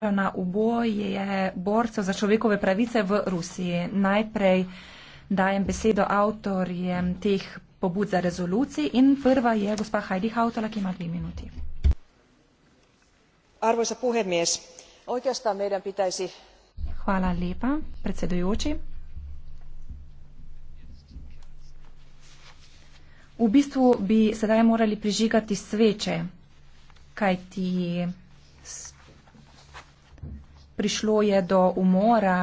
na uboje borcev za človekove pravice v Rusiji. Najprej dajem besedo avtorjem teh pobud za rezoluciji in prva je gospa Heidi Hautala, ki ima dve minuti. Arvoisa puhemies, oikeastaan meidän pitäisi... Hvala lepa, predsedujoči. V bistvu bi sedaj morali prižigati sveče, kajti prišlo je do umora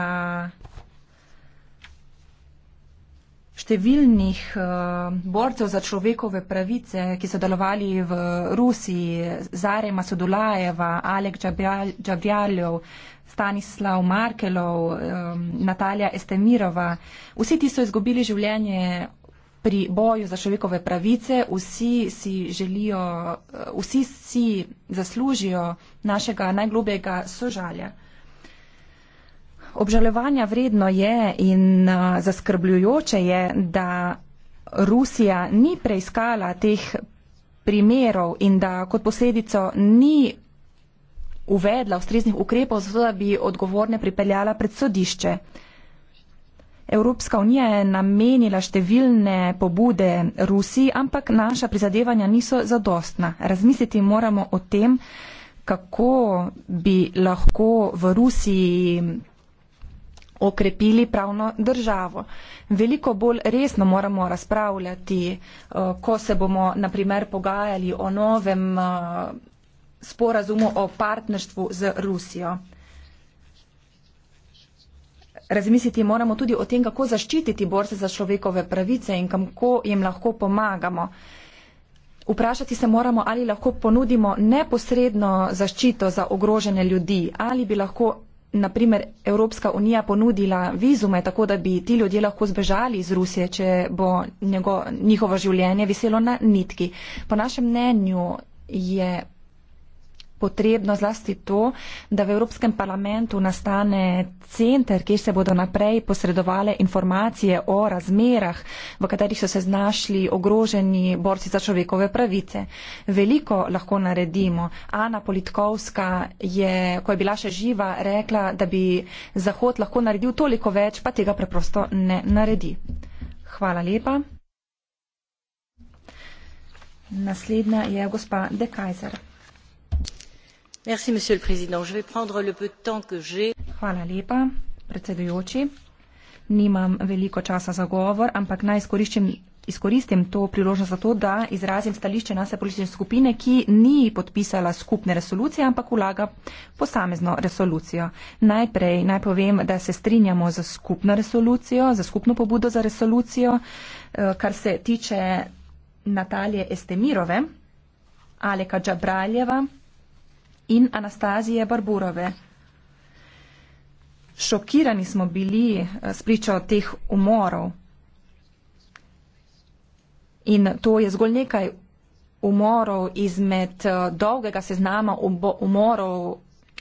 številnih uh, borcev za človekove pravice, ki so delovali v Rusiji, Zarema Sodulajeva, Alek Džabjaljov, Stanislav Markelov, um, Natalija Estemirova. Vsi ti so izgubili življenje pri boju za človekove pravice, vsi si želijo, eh, vsi si zaslužijo našega najglobjega sožalja. Obžalovanja vredno je in uh, zaskrbljujoče je, da Rusija ni preiskala teh primerov in da kot posledico ni uvedla ustreznih ukrepov, zato da bi odgovorne pripeljala pred sodišče. Evropska unija je namenila številne pobude Rusiji, ampak naša prizadevanja niso zadostna. Razmisliti moramo o tem, kako bi lahko v Rusiji okrepili pravno državo. Veliko bolj resno moramo razpravljati, eh, ko se bomo, na primer, pogajali o novem eh, sporazumu o partnerstvu z Rusijo. Razmisliti moramo tudi o tem, kako zaščititi borce za človekove pravice in kako jim lahko pomagamo. Vprašati se moramo, ali lahko ponudimo neposredno zaščito za ogrožene ljudi, ali bi lahko naprimer Evropska unija ponudila vizume, tako da bi ti ljudje lahko zbežali iz Rusije, če bo njego, njihovo življenje viselo na nitki. Po našem mnenju je potrebno zlasti to, da v Evropskem parlamentu nastane center, kjer se bodo naprej posredovale informacije o razmerah, v katerih so se znašli ogroženi borci za človekove pravice. Veliko lahko naredimo. Ana Politkovska je, ko je bila še živa, rekla, da bi Zahod lahko naredil toliko več, pa tega preprosto ne naredi. Hvala lepa. Naslednja je gospa De Kaiser monsieur le président je vais prendre le peu de temps que j'ai. hvala lepa predsedujoči nimam veliko časa za govor ampak naj izkoriščim, izkoristim to priložnost za to da izrazim stališče naše politične skupine ki ni podpisala skupne resolucije ampak vlaga posamezno resolucijo najprej naj povem da se strinjamo za skupno resolucijo za skupno pobudo za resolucijo eh, kar se tiče natalije estemirove aleka džabraljeva in Anastazije Barborove. Šokirani smo bili eh, s pričo teh umorov. In to je zgolj nekaj umorov izmed eh, dolgega seznama umorov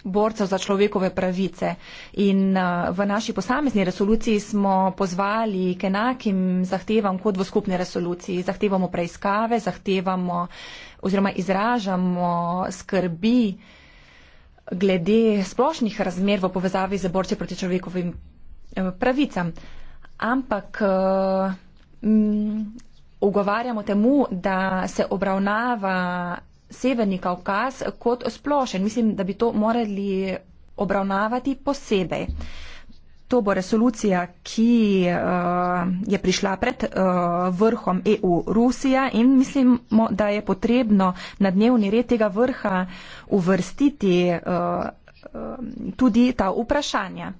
borcev za človekove pravice. In uh, v naši posamezni resoluciji smo pozvali k enakim zahtevam kot v skupni resoluciji. Zahtevamo preiskave, zahtevamo oziroma izražamo skrbi glede splošnih razmer v povezavi z borci proti človekovim eh, pravicam. Ampak eh, m, ugovarjamo temu, da se obravnava Severni Kaukaz kot splošen. Mislim, da bi to morali obravnavati posebej. To bo resolucija, ki uh, je prišla pred uh, vrhom EU Rusija in mislimo, da je potrebno na dnevni red tega vrha uvrstiti uh, tudi ta vprašanja.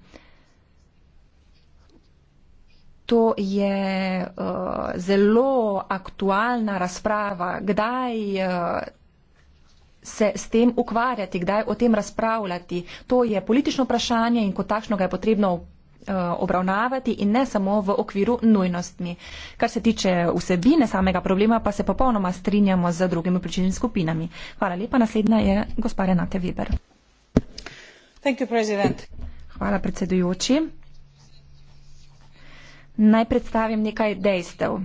To je uh, zelo aktualna razprava, kdaj uh, se s tem ukvarjati, kdaj o tem razpravljati. To je politično vprašanje in kot takšno ga je potrebno eh, obravnavati in ne samo v okviru nujnostmi. Kar se tiče vsebine samega problema, pa se popolnoma strinjamo z drugimi pričinjenimi skupinami. Hvala lepa, naslednja je gospa Renate Weber. You, Hvala predsedujoči. Naj predstavim nekaj dejstev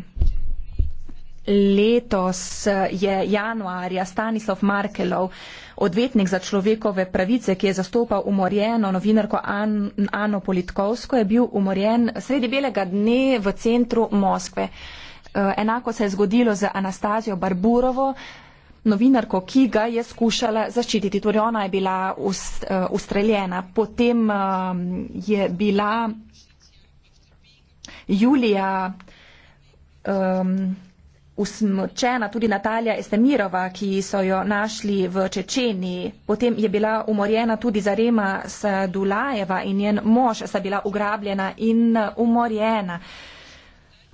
letos eh, je januarja Stanislav Markelov, odvetnik za človekove pravice, ki je zastopal umorjeno novinarko An Ano Politkovsko, je bil umorjen sredi belega dne v centru Moskve. Eh, enako se je zgodilo z Anastazijo Barburovo, novinarko, ki ga je skušala zaščititi. Torej ona je bila eh, ustreljena. Potem je bila Julija. Um, usmrčena tudi Natalija Estemirova, ki so jo našli v Čečeniji. Potem je bila umorjena tudi Zarema Sadulajeva in njen mož sta bila ugrabljena in umorjena.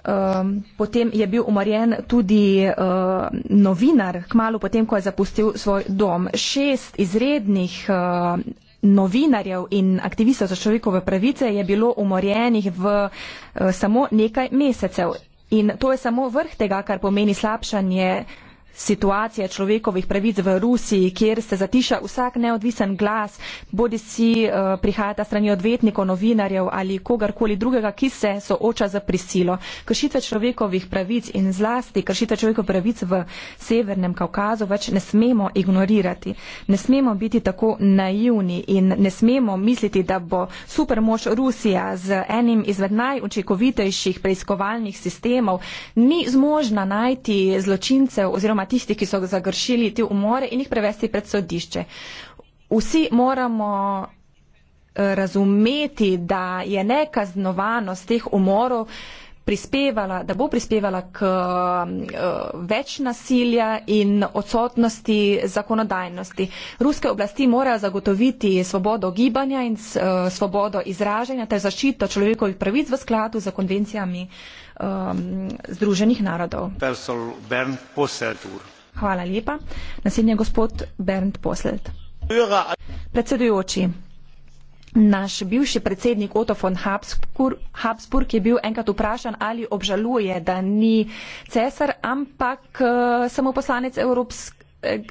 Um, potem je bil umorjen tudi uh, novinar, kmalo potem, ko je zapustil svoj dom. Šest izrednih uh, novinarjev in aktivistov za človekove pravice je bilo umorjenih v uh, samo nekaj mesecev. In to je samo vrh tega, kar pomeni slabšanje situacije človekovih pravic v Rusiji, kjer se zatiša vsak neodvisen glas, bodi si eh, prihajata strani odvetnikov, novinarjev ali kogarkoli drugega, ki se sooča za prisilo. Kršitve človekovih pravic in zlasti kršitve človekovih pravic v Severnem Kaukazu več ne smemo ignorirati. Ne smemo biti tako naivni in ne smemo misliti, da bo supermož Rusija z enim izmed najučinkovitejših preiskovalnih sistemov ni zmožna najti zločincev oziroma tistih, ki so zagršili te umore in jih prevesti pred sodišče. Vsi moramo eh, razumeti, da je nekaznovanost teh umorov prispevala, da bo prispevala k um, uh, več nasilja in odsotnosti zakonodajnosti. Ruske oblasti morajo zagotoviti svobodo gibanja in uh, svobodo izražanja ter zaščito človekovih pravic v skladu z konvencijami um, Združenih narodov. Hvala lepa. Naslednji je gospod Bernd Poselt. Predsedujoči, Naš bivši predsednik Otto von Habsburg, Habsburg je bil enkrat vprašan, ali obžaluje, da ni cesar, ampak uh, samo poslanec Evropske.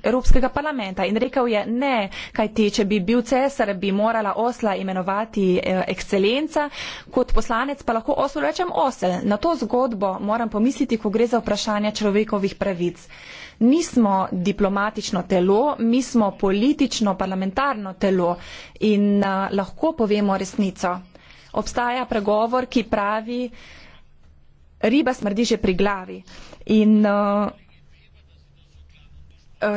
Evropskega parlamenta in rekel je ne, kaj ti, če bi bil cesar, bi morala osla imenovati eh, ekscelenca, kot poslanec pa lahko oslo rečem osel. Na to zgodbo moram pomisliti, ko gre za vprašanje človekovih pravic nismo diplomatično telo, mi smo politično parlamentarno telo in uh, lahko povemo resnico. Obstaja pregovor, ki pravi, riba smrdi že pri glavi. In, uh,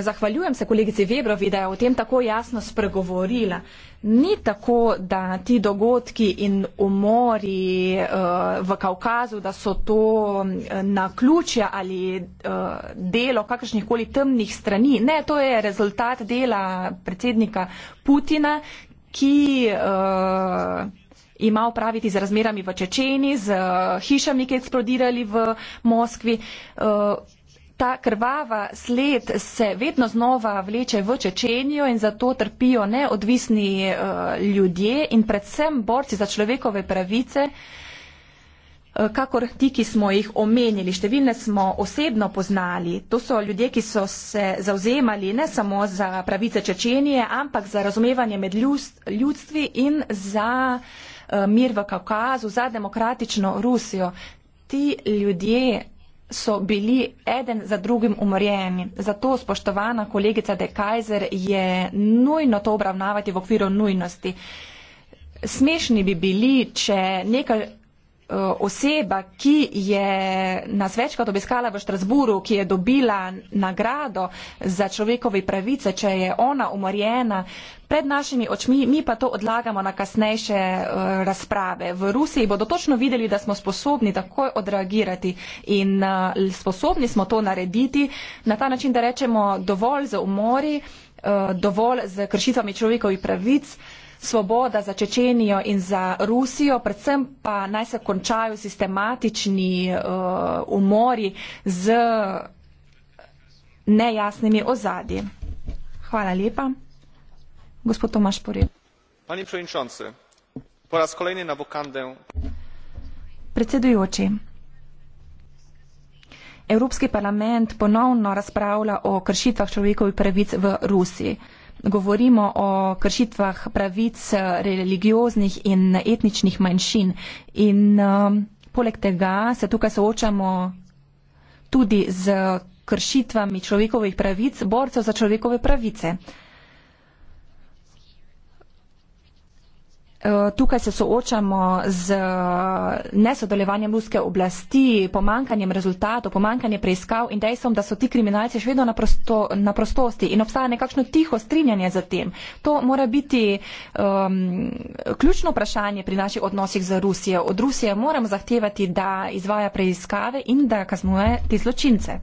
Zahvaljujem se kolegici Vebrovi, da je o tem tako jasno spregovorila ni tako, da ti dogodki in umori eh, v Kaukazu, da so to eh, naključja ali eh, delo kakršnih koli temnih strani. Ne, to je rezultat dela predsednika Putina, ki ima upraviti z razmerami v Čečeni, z hišami, ki je eksplodirali v Moskvi. Ta krvava sled se vedno znova vleče v Čečenijo in zato trpijo neodvisni uh, ljudje in predvsem borci za človekove pravice, uh, kakor ti, ki smo jih omenili. Številne smo osebno poznali. To so ljudje, ki so se zauzemali ne samo za pravice Čečenije, ampak za razumevanje med ljudstvi in za uh, mir v Kaukazu, za demokratično Rusijo. Ti ljudje so bili eden za drugim umorjeni. Zato, spoštovana kolegica De Kajzer, je nujno to obravnavati v okviru nujnosti. Smešni bi bili, če nekaj Eh, oseba, ki je nas večkrat obiskala v Štrasburu, ki je dobila nagrado za človekove pravice, če je ona umorjena, pred našimi očmi, mi pa to odlagamo na kasnejše eh, razprave. V Rusiji bodo točno videli, da smo sposobni takoj odreagirati in eh, sposobni smo to narediti na ta način, da rečemo dovolj za umori, dovolj za kršitvami človekovih pravic svoboda za Čečenijo in za Rusijo, predvsem pa naj se končajo sistematični uh, umori z nejasnimi ozadji. Hvala lepa. Gospod Tomaš Porel. Pani predsedujoči, poraz kolejni na vokande. Predsedujoči. Evropski parlament ponovno razpravlja o kršitvah človekovih pravic v Rusiji govorimo o kršitvah pravic religioznih in etničnih manjšin. In um, poleg tega se tukaj soočamo tudi z kršitvami človekovih pravic, borcev za človekove pravice. Uh, Eh, tukaj se soočamo z eh, nesodelovanjem ruske oblasti, pomankanjem rezultatov, pomankanjem preiskav in dejstvom, da so ti kriminalci še vedno na, prosto, na prostosti in obstaja nekakšno tiho strinjanje za tem. To mora biti um, ključno vprašanje pri naših odnosih z Rusijo. Od Rusije moramo zahtevati, da izvaja preiskave in da kaznuje te zločince.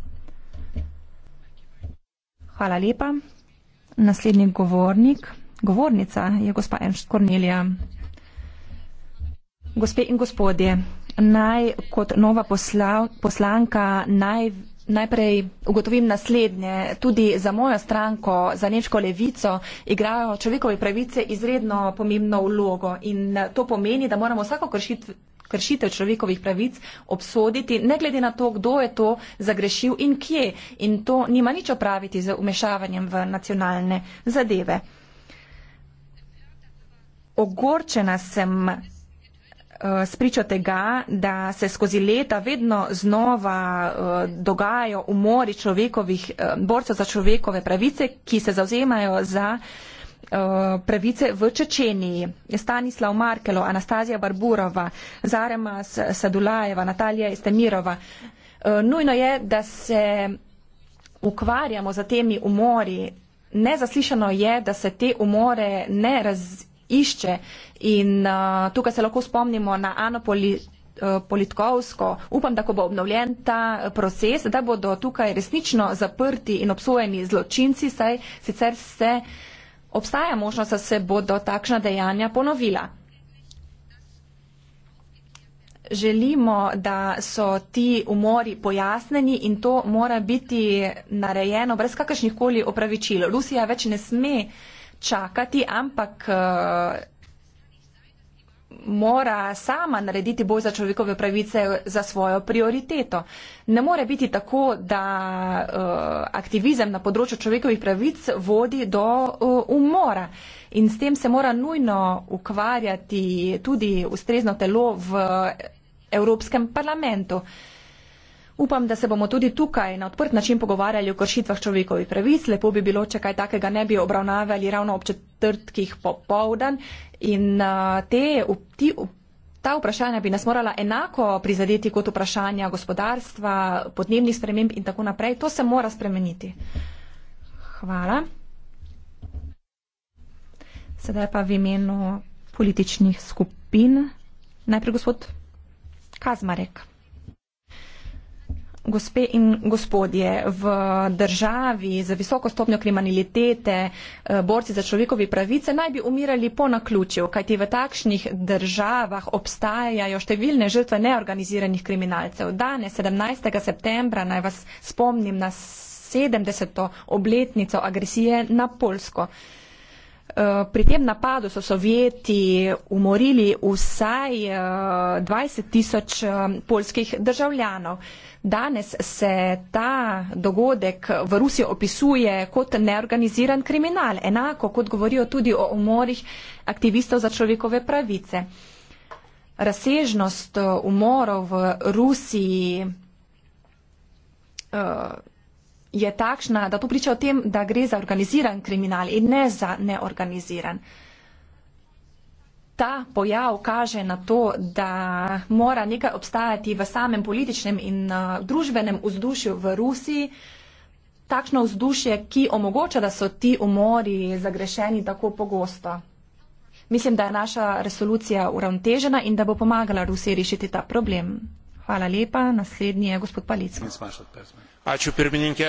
Hvala lepa. Naslednji govornik. Govornica je gospa Ernst Kornelija. Gospe in gospodje, naj kot nova posla, poslanka naj, najprej ugotovim naslednje. Tudi za mojo stranko, za nemško levico, igrajo človekove pravice izredno pomembno vlogo in to pomeni, da moramo vsako kršitev kršitev človekovih pravic obsoditi, ne glede na to, kdo je to zagrešil in kje. In to nima nič opraviti z umešavanjem v nacionalne zadeve ogorčena sem eh, spričo tega, da se skozi leta vedno znova eh, dogajajo umori človekovih, eh, borcev za človekove pravice, ki se zauzemajo za pravice v Čečeniji. Stanislav Markelo, Anastazija Barburova, Zarema Sadulajeva, Natalija Istemirova. Nujno je, da se ukvarjamo za temi umori. Nezaslišano je, da se te umore ne razvijajo išče. In uh, tukaj se lahko spomnimo na Anopoli. Uh, Politkovsko. Upam, da ko bo obnovljen ta uh, proces, da bodo tukaj resnično zaprti in obsojeni zločinci, saj sicer se obstaja možnost, da se bodo takšna dejanja ponovila. Želimo, da so ti umori pojasneni in to mora biti narejeno brez kakršnih koli opravičil. Rusija več ne sme uh, čakati, ampak eh, mora sama narediti boj za človekove pravice za svojo prioriteto. Ne more biti tako, da uh, aktivizem na področju človekovih pravic vodi do uh, umora. In s tem se mora nujno ukvarjati tudi ustrezno telo v Evropskem parlamentu. Uh, Upam, da se bomo tudi tukaj na odprt način pogovarjali o kršitvah človekovih pravic. Lepo bi bilo, če kaj takega ne bi obravnavali ravno ob četrtkih popovdan. In te, ti, ta vprašanja bi nas morala enako prizadeti kot vprašanja gospodarstva, podnebnih sprememb in tako naprej. To se mora spremeniti. Hvala. Sedaj pa v imenu političnih skupin. Najprej gospod Kazmarek. Gospe in gospodje, v državi z visoko stopnjo kriminalitete, eh, borci za človekovi pravice naj bi umirali po naključju, kajti v takšnih državah obstajajo številne žrtve neorganiziranih kriminalcev. Danes, 17. septembra, naj vas spomnim na 70. obletnico agresije na Polsko. Eh, pri tem napadu so sovjeti umorili vsaj 20 eh, tisoč eh, polskih državljanov. Danes se ta dogodek v Rusiji opisuje kot neorganiziran kriminal, enako kot govorijo tudi o umorih aktivistov za človekove pravice. Razsežnost umorov v Rusiji je takšna, da to priča o tem, da gre za organiziran kriminal in ne za neorganiziran. Ta pojav kaže na to, da mora nekaj obstajati v samem političnem in uh, družbenem vzdušju v Rusiji, takšno vzdušje, ki omogoča, da so ti umori zagrešeni tako pogosto. Mislim, da je naša resolucija uravnotežena in da bo pomagala Rusiji rešiti ta problem. Hvala lepa. Naslednji je gospod Palic. Hvala. Ačiū pirmininkė.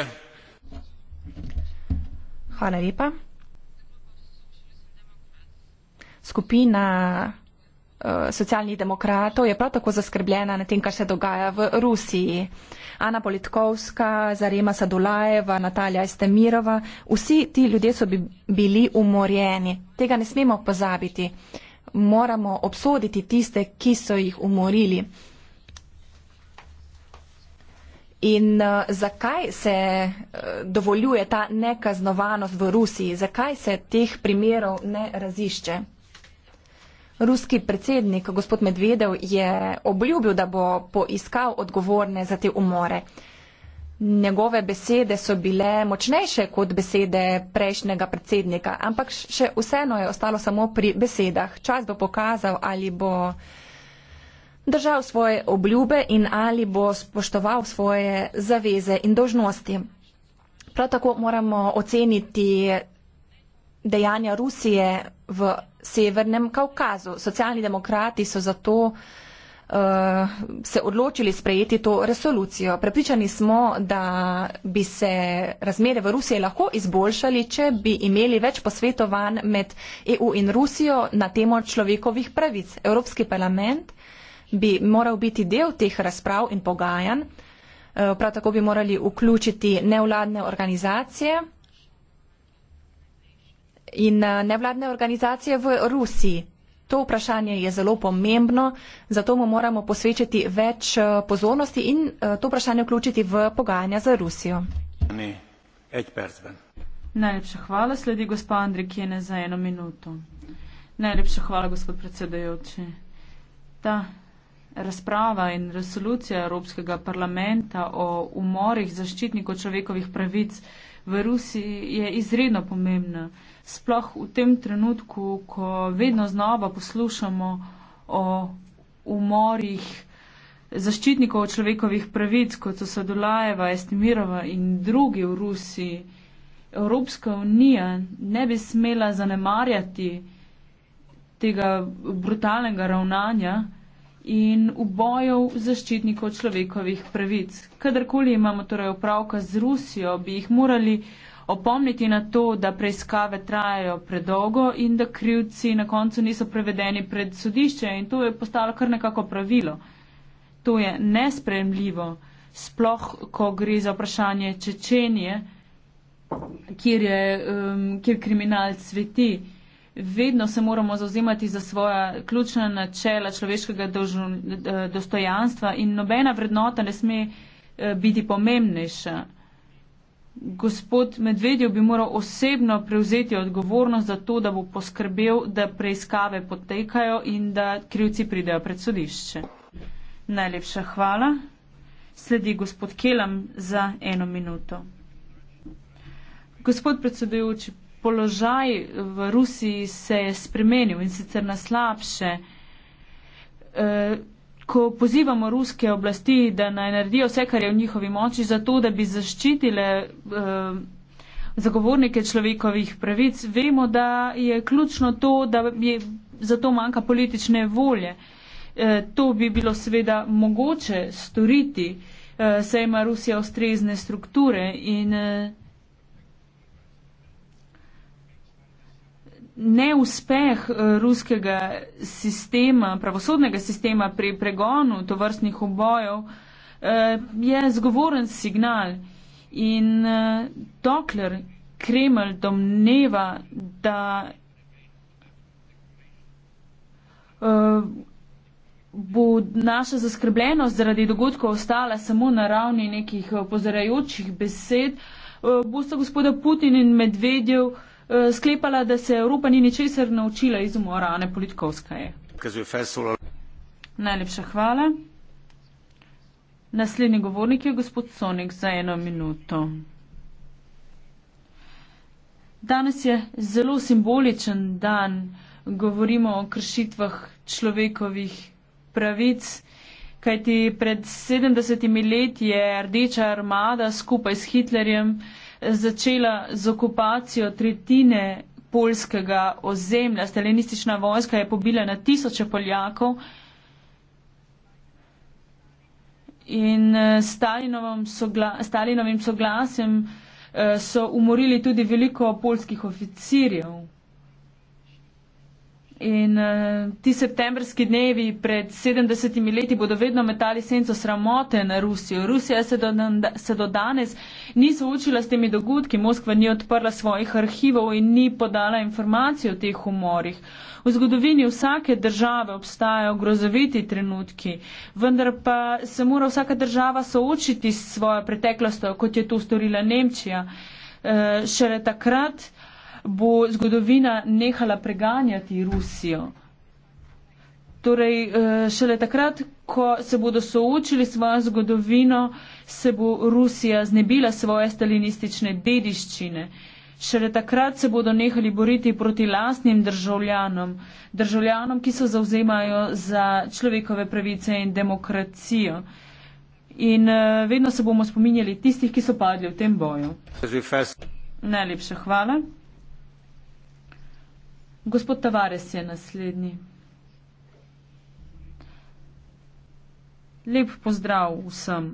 Hvala lepa. Skupina eh, socialnih demokratov je prav tako zaskrbljena na tem, kar se dogaja v Rusiji. Ana Politkovska, Zarema Sadulajeva, Natalja Estemirova, vsi ti ljudje so bili umorjeni. Tega ne smemo pozabiti. Moramo obsoditi tiste, ki so jih umorili. In uh, zakaj se uh, dovoljuje ta nekaznovanost v Rusiji? Zakaj se teh primerov ne razišče? Ruski predsednik gospod Medvedev je obljubil, da bo poiskal odgovorne za te umore. Njegove besede so bile močnejše kot besede prejšnjega predsednika, ampak še vseeno je ostalo samo pri besedah. Čas bo pokazal, ali bo držal svoje obljube in ali bo spoštoval svoje zaveze in dožnosti. Prav tako moramo oceniti dejanja Rusije v Severnem Kaukazu. Socialni demokrati so zato uh, se odločili sprejeti to resolucijo. Prepričani smo, da bi se razmere v Rusiji lahko izboljšali, če bi imeli več posvetovanj med EU in Rusijo na temo človekovih pravic. Evropski parlament uh, bi moral biti del teh razprav in pogajanj. Eh, prav tako bi morali vključiti nevladne organizacije in eh, nevladne organizacije v Rusiji. To vprašanje je zelo pomembno, zato mu moramo posvečati več eh, pozornosti in to vprašanje vključiti v pogajanja za Rusijo. Najlepša hvala, sledi gospod Andrej Kjene za eno minuto. Najlepša hvala, gospod predsedajoči. Da, razprava in resolucija Evropskega parlamenta o umorih zaščitnikov človekovih pravic v Rusiji je izredno pomembna. Sploh v tem trenutku, ko vedno znova poslušamo o umorih zaščitnikov človekovih pravic, kot so Sadolajeva, Estimirova in drugi v Rusiji, Evropska unija ne bi smela zanemarjati tega brutalnega ravnanja, in ubojev zaščitnikov človekovih pravic. Kadarkoli imamo torej opravka z Rusijo, bi jih morali opomniti na to, da preiskave trajajo predolgo in da krivci na koncu niso prevedeni pred sodišče in to je postalo kar nekako pravilo. To je nespremljivo, sploh, ko gre za vprašanje Čečenije, kjer, je, um, kjer kriminal cveti vedno se moramo zauzemati za svoja ključna načela človeškega dožun, eh, dostojanstva in nobena vrednota ne sme eh, biti pomembnejša. Gospod Medvedjev bi moral osebno prevzeti odgovornost za to, da bo poskrbel, da preiskave potekajo in da krivci pridejo pred sodišče. Najlepša hvala. Sledi gospod Kelam za eno minuto. Gospod predsedujoči, položaj v Rusiji se je spremenil in sicer na slabše. E, ko pozivamo ruske oblasti, da naj naredijo vse, kar je v njihovi moči, zato da bi zaščitile e, zagovornike človekovih pravic, vemo, da je ključno to, da je zato manjka politične volje. E, to bi bilo seveda mogoče storiti, e, saj ima Rusija ustrezne strukture in. E, neuspeh eh, ruskega sistema, pravosodnega sistema pri pregonu tovrstnih obojev eh, je zgovoren signal. In eh, dokler Kremelj domneva, da bo naša zaskrbljenost zaradi dogodkov ostala samo na ravni nekih pozorajočih besed, bosta gospoda Putin in Medvedjev Eh, sklepala, da se Evropa ni ničesar naučila iz umora Ane Politkovskaje. Najlepša hvala. Naslednji govornik je gospod Sonik za eno minuto. Danes je zelo simboličen dan, govorimo o kršitvah človekovih pravic, kajti pred 70 leti je Rdeča armada skupaj s Hitlerjem začela z okupacijo tretjine polskega ozemlja. Stalinistična vojska je pobila na tisoče Poljakov in eh, Stalinovim, sogla Stalinovim soglasjem eh, so umorili tudi veliko polskih oficirjev. In uh, ti septembrski dnevi pred 70 leti bodo vedno metali senco sramote na Rusijo. Rusija se do, se do danes ni soočila s temi dogodki, Moskva ni odprla svojih arhivov in ni podala informacije o teh umorih. V zgodovini vsake države obstajajo grozoviti trenutki, vendar pa se mora vsaka država soočiti s svojo preteklostjo, kot je to storila Nemčija. Uh, šele takrat uh, bo zgodovina nehala preganjati Rusijo. Torej, eh, šele takrat, ko se bodo soočili svojo zgodovino, se bo Rusija znebila svoje stalinistične dediščine. Šele takrat se bodo nehali boriti proti lastnim državljanom, državljanom, ki se zauzemajo za človekove pravice in demokracijo. In eh, vedno se bomo spominjali tistih, ki so padli v tem boju. Najlepša hvala. Gospod Tavares je naslednji. Lep pozdrav vsem.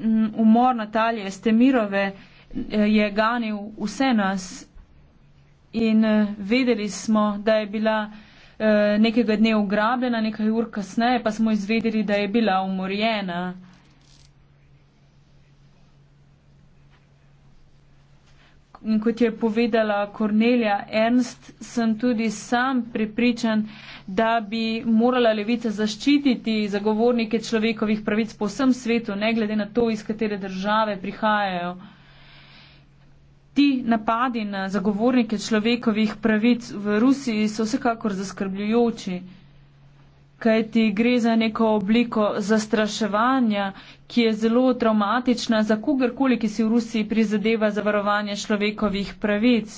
Mm, umor Natalije Stemirove eh, je ganil vse nas in eh, vedeli smo, da je bila eh, nekega dne ugrabljena, nekaj ur kasneje pa smo izvedeli, da je bila umorjena. in kot je povedala Kornelija Ernst, sem tudi sam prepričan, da bi morala levica zaščititi zagovornike človekovih pravic po vsem svetu, ne glede na to, iz katere države prihajajo. Ti napadi na zagovornike človekovih pravic v Rusiji so vsekakor zaskrbljujoči kajti gre za neko obliko zastraševanja, ki je zelo traumatična za kogarkoli, ki si v Rusiji prizadeva za varovanje človekovih pravic.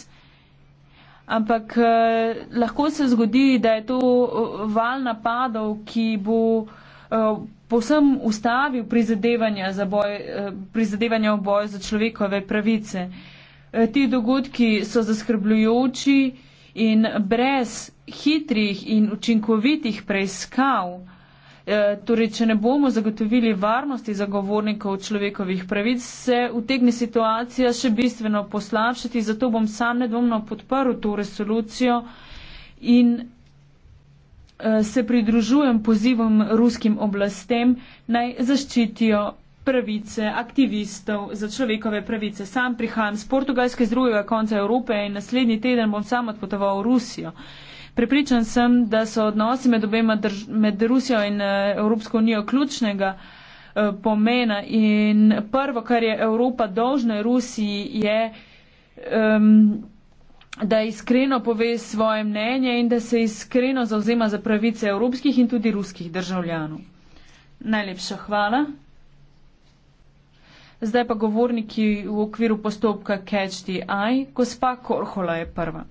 Ampak eh, lahko se zgodi, da je to eh, val napadov, ki bo eh, posem ustavil prizadevanja, za boj, eh, prizadevanja v boju za človekove pravice. Eh, ti dogodki so zaskrbljujoči. Eh, In brez hitrih in učinkovitih preiskav, eh, torej, če ne bomo zagotovili varnosti zagovornikov človekovih pravic, se utegne situacija še bistveno poslabšati, zato bom sam nedvomno podprl to resolucijo in eh, se pridružujem pozivom ruskim oblastem naj zaščitijo pravice aktivistov za človekove pravice. Sam prihajam z Portugalske, z drugega konca Evrope in naslednji teden bom sam odpotoval v Rusijo. Prepričan sem, da so odnosi med, drž med Rusijo in eh, Evropsko unijo ključnega eh, pomena in prvo, kar je Evropa dolžna Rusiji, je, um, da iskreno pove svoje mnenje in da se iskreno zauzema za pravice evropskih in tudi ruskih državljanov. Najlepša hvala. Zdaj pa govorniki v okviru postopka Catch the Eye. Gospa Korhola je prva.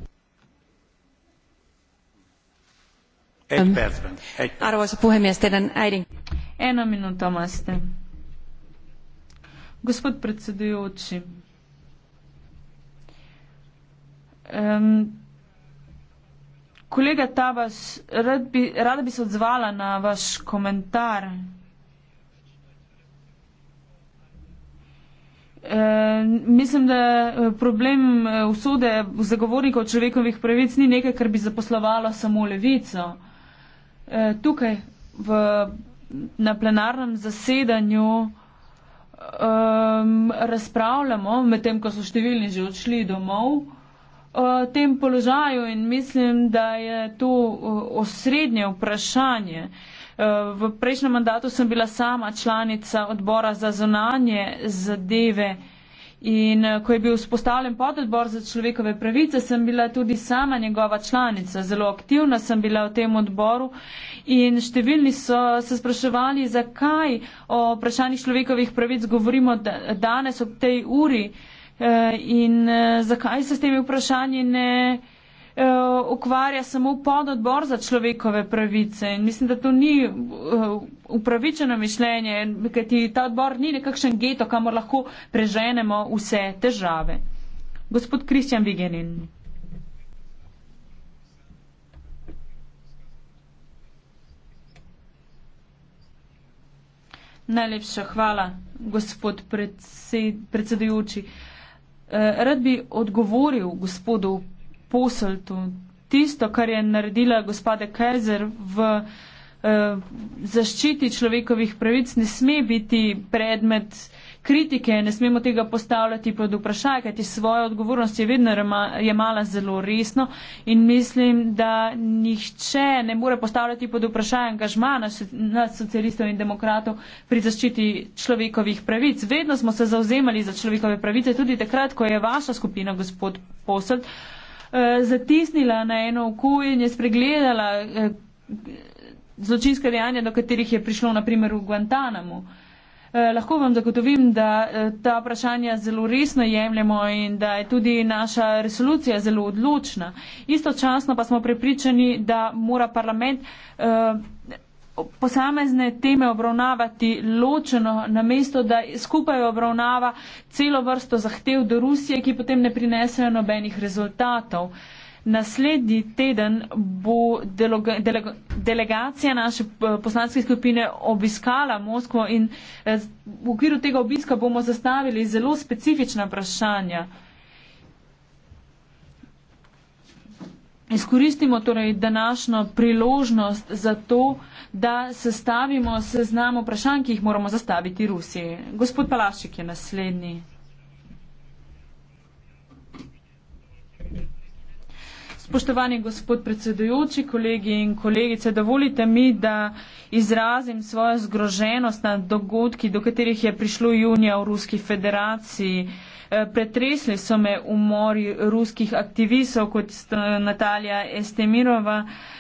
Arvoisa puhemies, teidän äidin... Ena minuta maste. Gospod predsedujoči, um, kolega Tabas, rad bi, rada bi se odzvala na vaš komentar, Eh, mislim, da eh, problem eh, usode zagovornikov človekovih pravic ni nekaj, kar bi zaposlovalo samo levico. E, tukaj v, na plenarnem zasedanju um, razpravljamo, medtem ko so številni že odšli domov, o tem položaju in mislim, da je to osrednje vprašanje. Eh, v prejšnjem mandatu sem bila sama članica odbora za zonanje zadeve in eh, ko je bil spostavljen pododbor za človekove pravice, sem bila tudi sama njegova članica. Zelo aktivna sem bila v tem odboru in številni so se spraševali, zakaj o vprašanjih človekovih pravic govorimo danes ob tej uri eh, in zakaj se s temi vprašanji ne. Eh, ukvarja samo pod odbor za človekove pravice. In mislim, da to ni eh, upravičeno mišljenje, ker ti ta odbor ni nekakšen geto, kamor lahko preženemo vse težave. Gospod Kristjan Vigenin. Najlepša hvala, gospod predsedujoči. Eh, rad bi odgovoril gospodu posoltu. Tisto, kar je naredila gospode Kajzer v eh, zaščiti človekovih pravic, ne sme biti predmet kritike, ne smemo tega postavljati pod vprašaj, kajti svojo odgovornost je vedno jemala zelo resno in mislim, da nihče ne more postavljati pod vprašaj angažma nas, nas socialistov in demokratov pri zaščiti človekovih pravic. Vedno smo se zauzemali za človekove pravice, tudi takrat, ko je vaša skupina, gospod Posel, eh, Eh, zatisnila na eno oko in je spregledala eh, zločinska dejanja, do katerih je prišlo naprimer v Guantanamo. Eh, lahko vam zagotovim, da eh, ta vprašanja zelo resno jemljemo in da je tudi naša resolucija zelo odločna. Istočasno pa smo prepričani, da mora parlament. Eh, posamezne teme obravnavati ločeno, namesto da skupaj obravnava celo vrsto zahtev do Rusije, ki potem ne prinesejo nobenih rezultatov. Naslednji teden bo delegacija naše eh, poslanske skupine obiskala Moskvo in eh, v okviru tega obiska bomo zastavili zelo specifična vprašanja. izkoristimo torej današnjo priložnost za to, da sestavimo seznam vprašanj, ki jih moramo zastaviti Rusiji. Gospod Palašik je naslednji. Spoštovani gospod predsedujoči, kolegi in kolegice, dovolite mi, da izrazim svojo zgroženost na dogodki, do katerih je prišlo junija v Ruski federaciji. Uh, Eh, pretresli so me umori ruskih aktivistov, kot sta Natalija Estemirova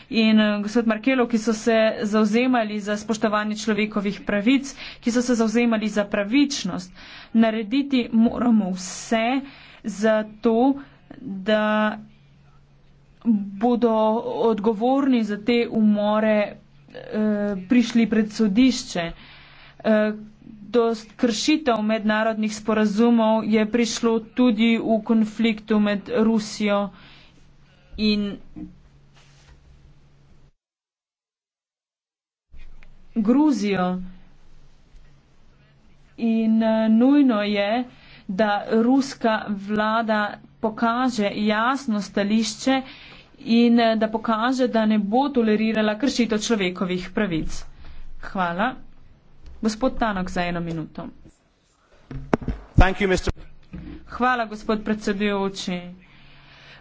in eh, gospod Markelov, ki so se zauzemali za spoštovanje človekovih pravic, ki so se zauzemali za pravičnost. Narediti moramo vse za to, da bodo odgovorni za te umore eh, prišli pred sodišče. Eh, do kršitev mednarodnih sporazumov je prišlo tudi v konfliktu med Rusijo in Gruzijo. In eh, nujno je, da ruska vlada pokaže jasno stališče in eh, da pokaže, da ne bo tolerirala kršitev človekovih pravic. Hvala gospod Tanok za eno minuto. Hvala, gospod predsedujoči.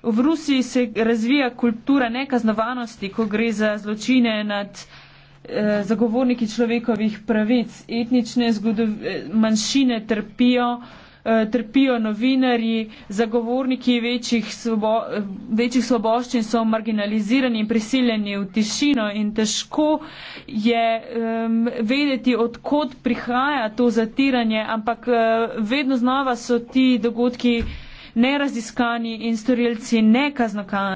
V Rusiji se razvija kultura nekaznovanosti, ko gre za zločine nad eh, zagovorniki človekovih pravic. Etnične zgodov, eh, manjšine trpijo. Eh, Eh, trpijo novinarji, zagovorniki večjih, svobo, večjih sloboščin so marginalizirani in prisiljeni v tišino in težko je um, vedeti, odkot prihaja to zatiranje, ampak uh, vedno znova so ti dogodki neraziskani in storilci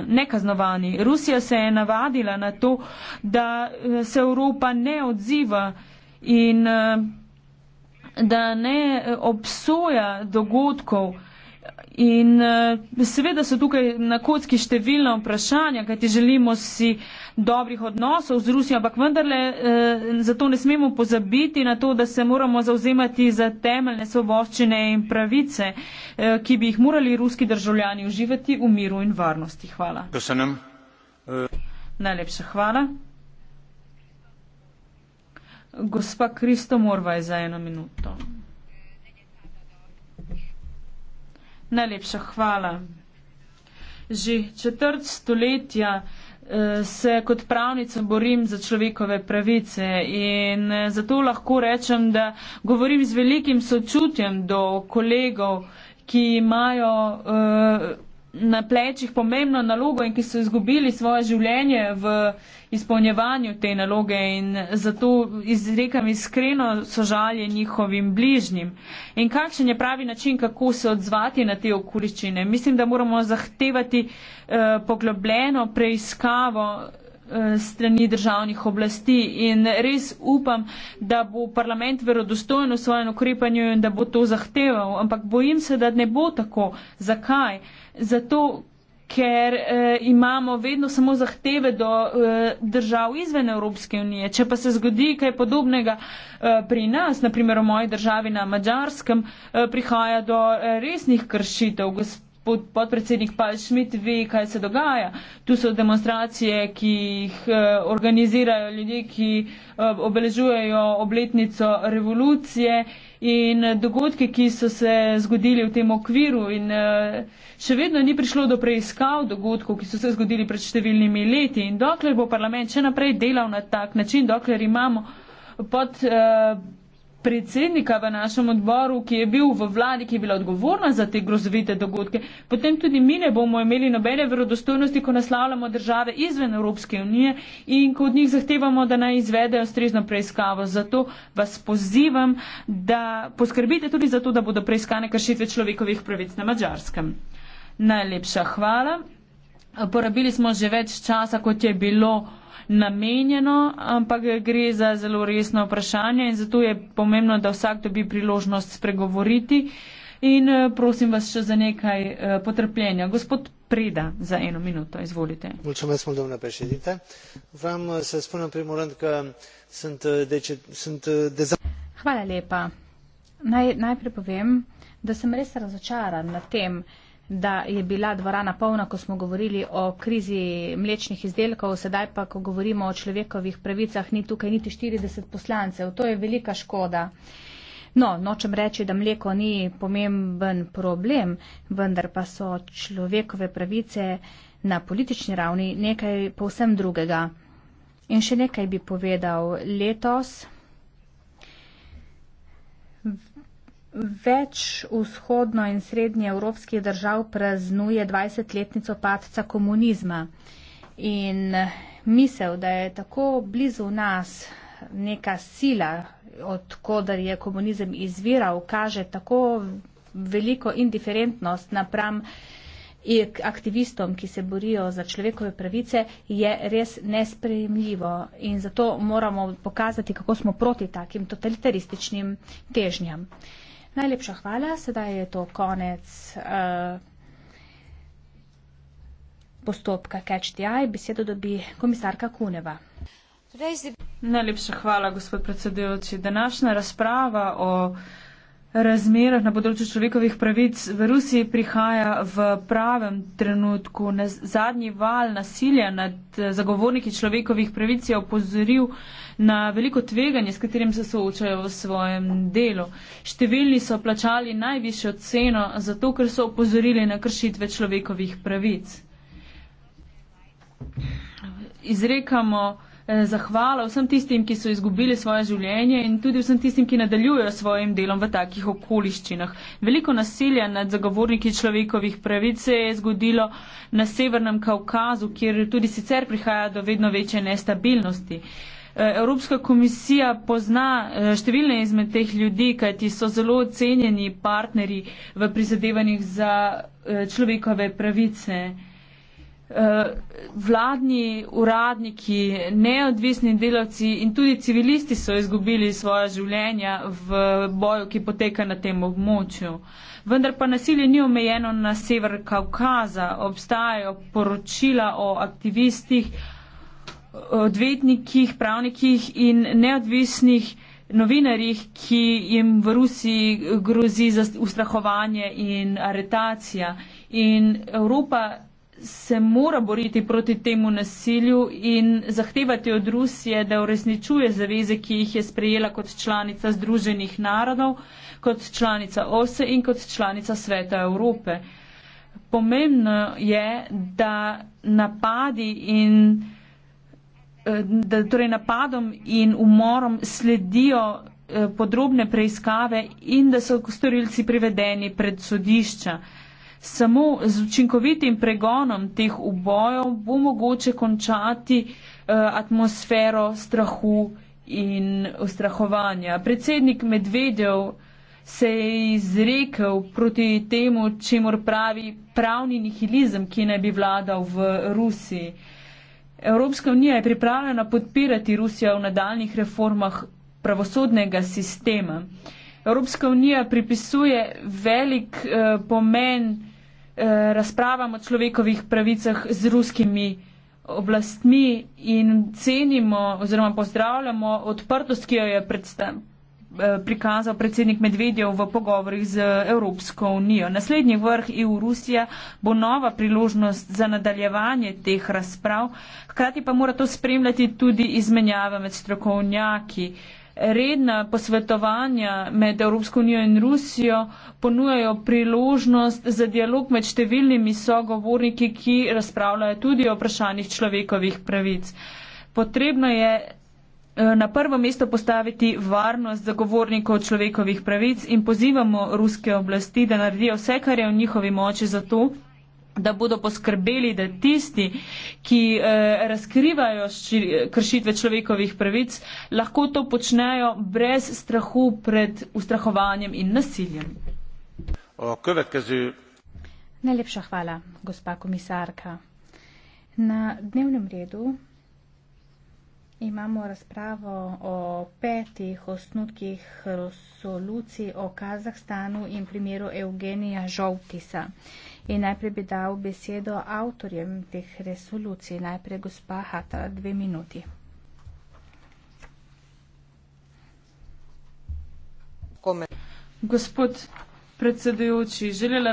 nekaznovani. Rusija se je navadila na to, da eh, se Evropa ne odziva in uh, da ne obsoja dogodkov. In eh, seveda so tukaj na kocki številna vprašanja, kajti želimo si dobrih odnosov z Rusijo, ampak vendarle eh, zato ne smemo pozabiti na to, da se moramo zauzemati za temeljne svoboščine in pravice, eh, ki bi jih morali ruski državljani uživati v miru in varnosti. Hvala. Najlepša hvala. Gospa Kristo Morva je za eno minuto. Najlepša hvala. Že četrt stoletja eh, se kot pravnica borim za človekove pravice in eh, zato lahko rečem, da govorim z velikim sočutjem do kolegov, ki imajo. Uh, na plečih pomembno nalogo in ki so izgubili svoje življenje v izpolnjevanju te naloge in zato izrekam iskreno sožalje njihovim bližnjim. In kakšen je pravi način, kako se odzvati na te okoliščine? Mislim, da moramo zahtevati eh, poglobljeno preiskavo Eh, strani državnih oblasti in res upam, da bo parlament verodostojen v svojem ukrepanju in da bo to zahteval, ampak bojim se, da ne bo tako. Zakaj? Zato, ker eh, imamo vedno samo zahteve do eh, držav izven Evropske unije. Če pa se zgodi kaj podobnega eh, pri nas, naprimer v moji državi na Mačarskem, eh, prihaja do eh, resnih kršitev. Gospod, pod, podpredsednik Paž Šmit ve, kaj se dogaja. Tu so demonstracije, ki jih eh, organizirajo ljudje, ki eh, obeležujejo obletnico revolucije in dogodke, ki so se zgodili v tem okviru. In, eh, še vedno ni prišlo do preiskav dogodkov, ki so se zgodili pred številnimi leti. In dokler bo parlament še naprej delal na tak način, dokler imamo pod. Eh, predsednika v našem odboru, ki je bil v vladi, ki je bila odgovorna za te grozovite dogodke, potem tudi mi ne bomo imeli nobene verodostojnosti, ko naslavljamo države izven Evropske unije in ko od njih zahtevamo, da naj izvedejo strezno preiskavo. Zato vas pozivam, da poskrbite tudi za to, da bodo preiskane kršitve človekovih pravic na Mačarskem. Najlepša hvala porabili smo že več časa, kot je bilo namenjeno, ampak gre za zelo resno vprašanje in zato je pomembno, da vsak dobi priložnost spregovoriti. In eh, prosim vas še za nekaj eh, potrpljenja. Gospod Preda, za eno minuto, izvolite. Eh, Hvala lepa. Naj, najprej povem, da sem res razočaran na tem, da je bila dvorana polna, ko smo govorili o krizi mlečnih izdelkov, sedaj pa, ko govorimo o človekovih pravicah, ni tukaj niti 40 poslancev. To je velika škoda. No, nočem reči, da mleko ni pomemben problem, vendar pa so človekove pravice na politični ravni nekaj povsem drugega. In še nekaj bi povedal. Letos Več vzhodno in srednje evropskih držav praznuje 20-letnico padca komunizma in misel, da je tako blizu nas neka sila, odkudar je komunizem izviral, kaže tako veliko indiferentnost napram eh, aktivistom, ki se borijo za človekove pravice, je res nesprejemljivo in zato moramo pokazati, kako smo proti takim totalitarističnim težnjam. Najlepša hvala, sedaj je to konec eh, postopka Catch the Eye. Besedo dobi komisarka Kuneva. Najlepša hvala, gospod predsedujoči. Današnja razprava o razmerah na področju človekovih pravic v Rusiji prihaja v pravem trenutku. Na zadnji val nasilja nad eh, zagovorniki človekovih pravic je opozoril na veliko tveganje, s katerim se soočajo v svojem delu. Številni so plačali najvišjo ceno zato, ker so opozorili na kršitve človekovih pravic. Izrekamo Eh, zahvala vsem tistim, ki so izgubili svoje življenje in tudi vsem tistim, ki nadaljujejo s svojim delom v takih okoliščinah. Veliko nasilja nad zagovorniki človekovih pravic se je zgodilo na Severnem Kaukazu, kjer tudi sicer prihaja do vedno večje nestabilnosti. Eh, Evropska komisija pozna eh, številne izmed teh ljudi, kajti so zelo cenjeni partneri v prizadevanjih za človekove pravice vladni uradniki, neodvisni delavci in tudi civilisti so izgubili svoja življenja v boju, ki poteka na tem območju. Vendar pa nasilje ni omejeno na sever Kaukaza, obstajajo poročila o aktivistih, odvetnikih, pravnikih in neodvisnih novinarjih, ki jim v Rusiji grozi ustrahovanje in aretacija. In Evropa se mora boriti proti temu nasilju in zahtevati od Rusije, da uresničuje zaveze, ki jih je sprejela kot članica Združenih narodov, kot članica OSE in kot članica Sveta Evrope. Pomembno je, da napadi in eh, da torej napadom in umorom sledijo eh, podrobne preiskave in da so storilci privedeni pred sodišča. Samo z učinkovitim pregonom teh ubojov bo mogoče končati eh, atmosfero strahu in ustrahovanja. Predsednik Medvedev se je izrekel proti temu, čemur pravi pravni nihilizem, ki naj bi vladal v Rusiji. Evropska unija je pripravljena podpirati Rusijo v nadaljnih reformah pravosodnega sistema. Evropska unija pripisuje velik eh, pomen, Eh, razpravam o človekovih pravicah z ruskimi oblastmi in cenimo oziroma pozdravljamo odprtost, ki jo je predstavljal eh, prikazal predsednik Medvedjev v pogovorih z Evropsko unijo. Naslednji vrh EU-Rusija bo nova priložnost za nadaljevanje teh razprav, hkrati pa mora to spremljati tudi izmenjava med strokovnjaki. Uh, redna posvetovanja med Evropsko unijo in Rusijo ponujajo priložnost za dialog med številnimi sogovorniki, ki razpravljajo tudi o vprašanjih človekovih pravic. Potrebno je eh, na prvo mesto postaviti varnost zagovornikov človekovih pravic in pozivamo ruske oblasti, da naredijo vse, kar je v njihovi moči za to, da bodo poskrbeli, da tisti, ki eh, razkrivajo ščir, kršitve človekovih pravic, lahko to počnejo brez strahu pred ustrahovanjem in nasiljem. Najlepša hvala, gospa komisarka. Na dnevnem redu imamo razpravo o petih osnutkih resolucij o Kazahstanu in primeru Evgenija Žovtisa. In najprej bi dal besedo avtorjem teh resolucij. Najprej gospa Hata, dve minuti. Gospod predsedujoči, želela bi.